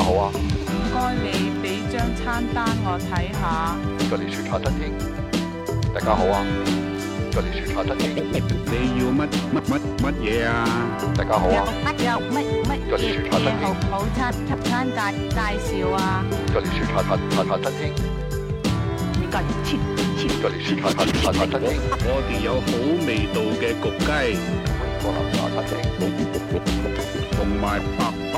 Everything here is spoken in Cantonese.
大家好啊！唔該你俾張餐單我睇下。格力雪茶餐廳，大家好啊！格力雪茶餐廳， 你要乜乜乜乜嘢啊？大家好啊！有有乜乜嘢好套餐套餐介介紹啊？格力雪茶茶茶餐廳，格力雪茶茶茶餐廳，我哋有好味道嘅焗雞同埋白。